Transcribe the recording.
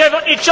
čo, i čo